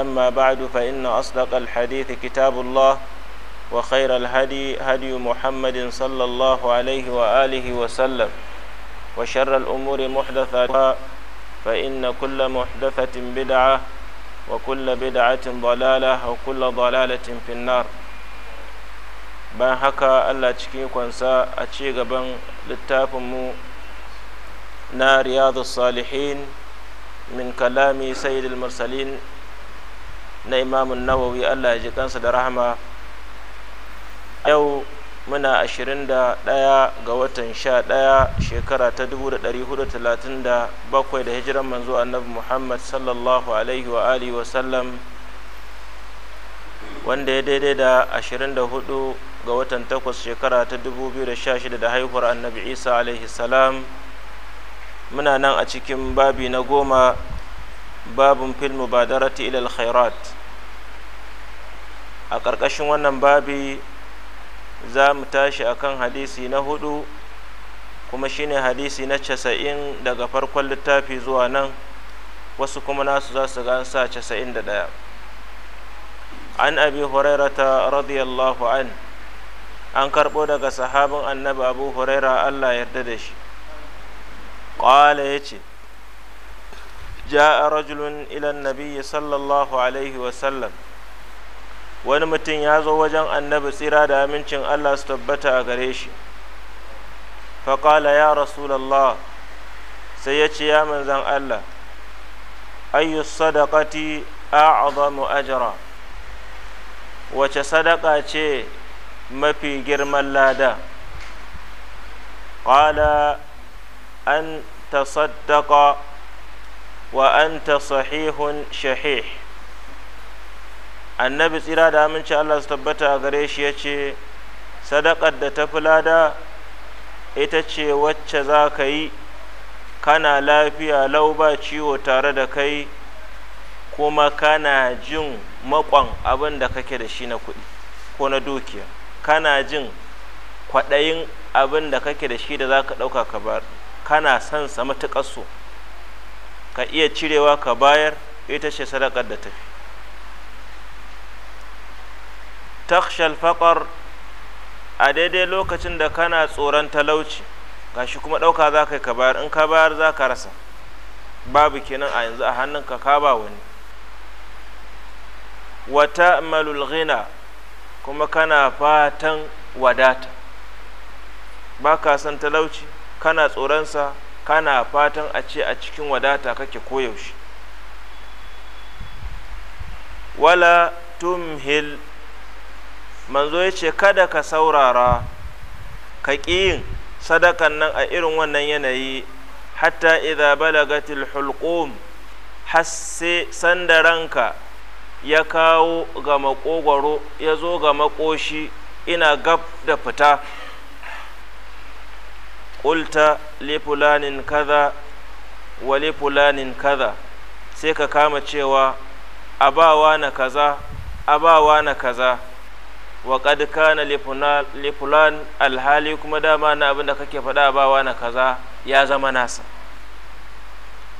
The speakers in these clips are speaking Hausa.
أما بعد فإن أصدق الحديث كتاب الله وخير الهدي هدي محمد صلى الله عليه وآله وسلم وشر الأمور محدثاتها فإن كل محدثة بدعة وكل بدعة ضلالة وكل ضلالة في النار بان حكى ألا تشكي كونسا أتشيغ بان للتافم نار رياض الصالحين من كلام سيد المرسلين na imamun nawawi allah ya ji kansa da rahama yau muna 21 ga watan 11 shekara ta 1437 da hijiran manzo annabi muhammad sallallahu alaihi wa alihi wa sallam wanda ya daidai da 24 ga watan 8 shekara ta 2016 da haihuwar annabi isa alaihi salam muna nan a cikin babi na goma babun fil mubadarati ilal khairat a ƙarƙashin wannan babi za mu tashi kan hadisi na hudu kuma shine hadisi na casa'in daga farkon littafi zuwa nan wasu kuma nasu za su gansa casa'in da ɗaya an abi hurairata radiyallahu an an karɓo daga sahabin annabi abu huraira allah yarda da shi ƙwala ya ce ja'a rajulun ilan nabiyyi sallallahu alaihi wasallam wani mutum ya zo wajen annabi tsira da amincin Allah su tabbata a gare shi faƙala ya rasulallah sai ya ce ya manzan Allah ayyu sadaqati a'zamu ajra wace sadaka ce mafi girman lada ƙala an tasaddaqa وأنت صحيح شحيح annabi tsira da aminci Allah su tabbata a gare shi ya ce sadakar da ta fi lada ita ce wacce za ka yi kana lafiya lau ba ciwo tare da kai kuma kana jin makon abin da kake da shi na kuɗi ko na dukiya kana jin kwaɗayin abin da kake da shi da za ka ɗauka ka bar kana son sa matuƙar so ka iya cirewa ka bayar ita ce sadakar da tafi takshal faƙar a daidai lokacin da kana tsoron talauci gashi kuma ɗauka za ka yi ka bayar in ka bayar za ka rasa babu kenan a yanzu a hannun ka ba wani wata malulghina kuma kana fatan wadata ba ka san talauci kana tsoronsa kana fatan a ce a cikin wadata kake koyaushe wala tumhil manzo ya ce kada ka saurara ka yin sadakan nan a irin wannan yanayi hatta idza balagatil hulqum hasse sanda ranka ya kawo ga makogwaro ya zo ga makoshi ina gab da fita ƙulta lifulanin kaza wa lifulanin kaza sai ka kama cewa abawa na kaza abawa na kaza wa kad kana li alhali kuma dama na abinda kake faɗa bawa na kaza ya zama nasa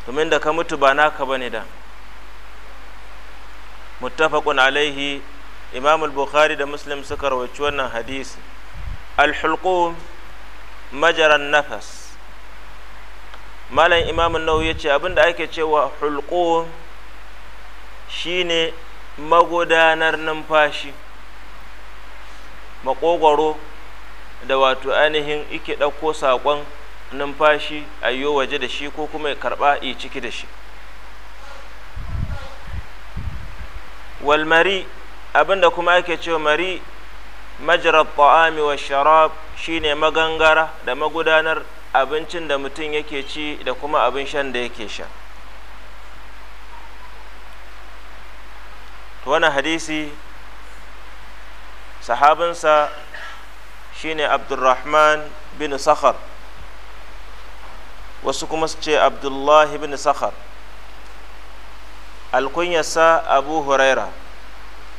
domin da ka mutu ba naka bane da muttafaqun alaihi imam al-bukhari da muslim suka rawaci wannan hadisi al-hulqum majaran nafas malam imamun nau ya ce abinda ake cewa hulƙo shine magudanar numfashi makogwaro da wato ainihin ike ɗauko saƙon numfashi a waje da shi ko kuma ya karɓa yi ciki da shi walmari abinda kuma ake cewa mari majarar ta'ami wa sharab shine magangara da magudanar abincin da mutum yake ci da kuma abin shan da yake sha wani hadisi sahabinsa shine abdulrahman bin sakhar wasu kuma su ce abdullahi bin sakhar alkunyarsa abu huraira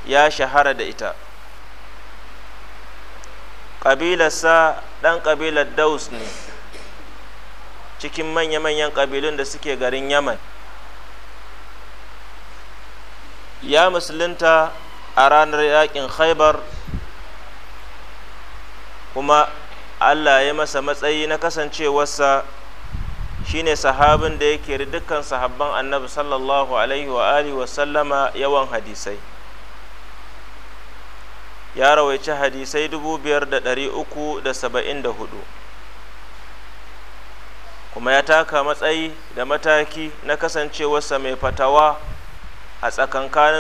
ya shahara da ita ƙabilarsa ɗan ƙabilar daus ne cikin manya-manyan ƙabilun da suke garin yaman ya musulunta a ranar yaƙin khaibar kuma allah ya masa matsayi na kasancewarsa shine sahabin da yake dukkan sahabban annabi sallallahu alaihi wa alihi wasallama yawan hadisai ya rawaici hadisai hudu kuma ya taka matsayi da mataki na kasancewarsa mai fatawa a tsakankanin